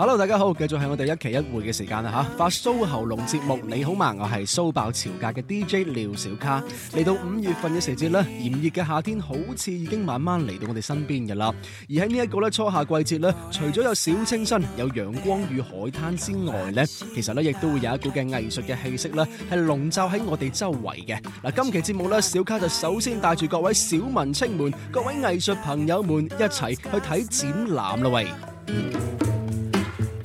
hello，大家好，繼續係我哋一期一會嘅時間啦吓，發騷喉嚨節目你好嗎，我係騷爆潮格嘅 DJ 廖小卡。嚟到五月份嘅時節呢，炎熱嘅夏天好似已經慢慢嚟到我哋身邊㗎喇。而喺呢一個咧初夏季節呢，除咗有小清新、有陽光與海灘之外呢，其實呢亦都會有一股嘅藝術嘅氣息呢，係籠罩喺我哋周圍嘅。嗱，今期節目呢，小卡就首先帶住各位小文青們、各位藝術朋友們一齊去睇展覽啦喂。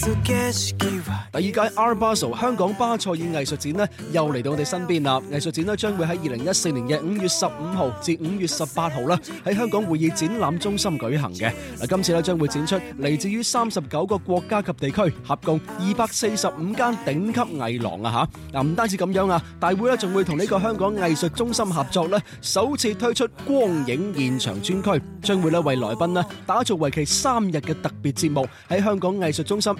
第二屆 Art Basel 香港巴塞爾藝術展咧又嚟到我哋身邊啦！藝術展咧將會喺二零一四年嘅五月十五號至五月十八號啦，喺香港會議展覽中心舉行嘅。嗱，今次咧將會展出嚟自於三十九個國家及地區，合共二百四十五間頂級藝廊啊！吓，嗱，唔單止咁樣啊，大會咧仲會同呢個香港藝術中心合作咧，首次推出光影現場專區，將會咧為來賓咧打造為期三日嘅特別節目喺香港藝術中心。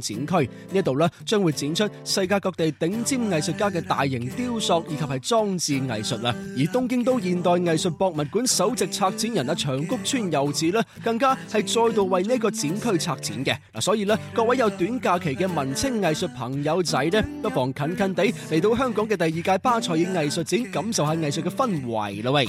展區呢度咧，將會展出世界各地頂尖藝術家嘅大型雕塑以及係裝置藝術啦。而東京都現代藝術博物館首席策展人啊長谷川祐子咧，更加係再度為呢個展區策展嘅嗱。所以咧，各位有短假期嘅文青藝術朋友仔咧，不妨近近地嚟到香港嘅第二屆巴塞爾藝術展，感受下藝術嘅氛圍咯喂。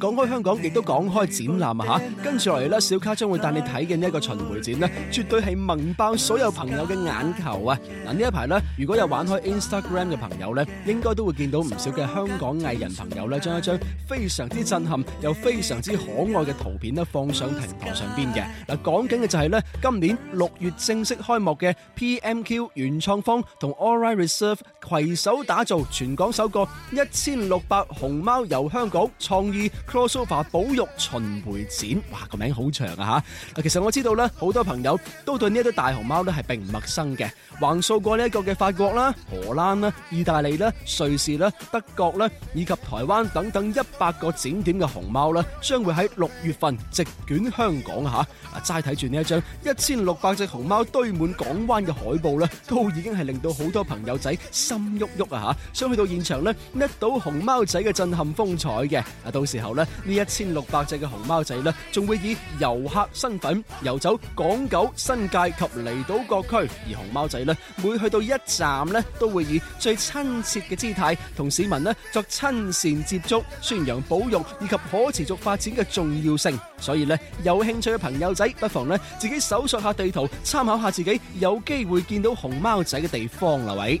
講開香港，亦都講開展覽啊吓，跟住落嚟，小卡將會帶你睇嘅，呢一個巡迴展呢絕對係萌爆所有朋友嘅眼球啊！嗱，呢一排呢，如果有玩開 Instagram 嘅朋友呢，應該都會見到唔少嘅香港藝人朋友呢，將一張非常之震撼，又非常之可愛嘅圖片放上平台上邊嘅。嗱，講緊嘅就係、是、呢今年六月正式開幕嘅 PMQ 原創方同 AllRightsReserved 攜手打造全港首個一千六百熊貓遊香港創意。Crossover 保育巡迴展，哇個名好長啊吓！嗱，其實我知道咧，好多朋友都對呢一啲大熊貓咧係並唔陌生嘅。橫掃過呢一個嘅法國啦、荷蘭啦、意大利啦、瑞士啦、德國啦，以及台灣等等一百個展點嘅熊貓啦，將會喺六月份席捲香港啊吓！啊齋睇住呢一張一千六百隻熊貓堆滿港灣嘅海報咧，都已經係令到好多朋友仔心喐喐啊吓，想去到現場咧，一睹熊貓仔嘅震撼風采嘅啊！到時候咧～呢一千六百隻嘅熊貓仔咧，仲會以遊客身份遊走港九新界及離島各區，而熊貓仔咧每去到一站咧，都會以最親切嘅姿態同市民咧作親善接觸，宣揚保育以及可持續發展嘅重要性。所以咧，有興趣嘅朋友仔，不妨咧自己搜索下地圖，參考下自己有機會見到熊貓仔嘅地方啦喂。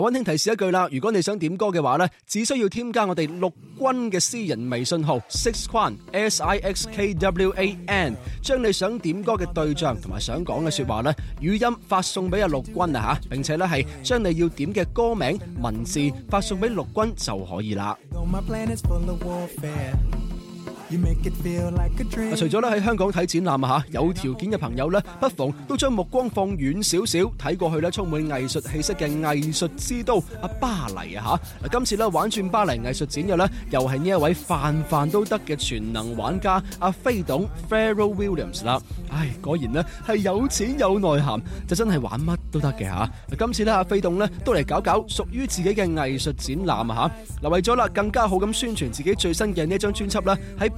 溫馨提示一句啦，如果你想點歌嘅話咧，只需要添加我哋陸軍嘅私人微信號 sixquan s i x k w a n，將你想點歌嘅對象同埋想講嘅說話咧，語音發送俾阿陸軍啊吓，並且咧係將你要點嘅歌名文字發送俾陸軍就可以啦。除咗咧喺香港睇展覽啊，吓，有條件嘅朋友咧，不妨都將目光放遠少少，睇過去咧充滿藝術氣息嘅藝術之都阿巴黎啊吓。嗱，今次咧玩轉巴黎藝術展嘅咧，又係呢一位泛泛都得嘅全能玩家阿菲董 Pharrell Williams 啦。唉，果然咧係有錢有內涵，就真係玩乜都得嘅，吓。今次咧阿菲董咧都嚟，搞搞屬於自己嘅藝術展覽啊吓。嗱，為咗啦更加好咁宣傳自己最新嘅呢張專輯咧喺。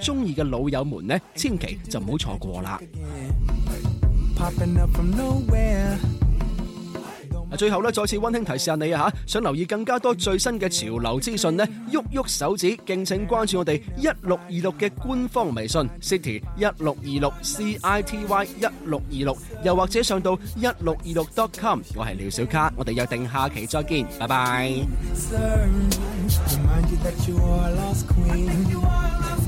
中意嘅老友們呢，千祈就唔好錯過啦！最後呢，再次溫馨提示下你啊，想留意更加多最新嘅潮流資訊呢，喐喐手指，敬請關注我哋一六二六嘅官方微信 City 一六二六 C I T Y 一六二六，又或者上到一六二六 dot com。我係廖小卡，我哋約定下期再見，拜拜。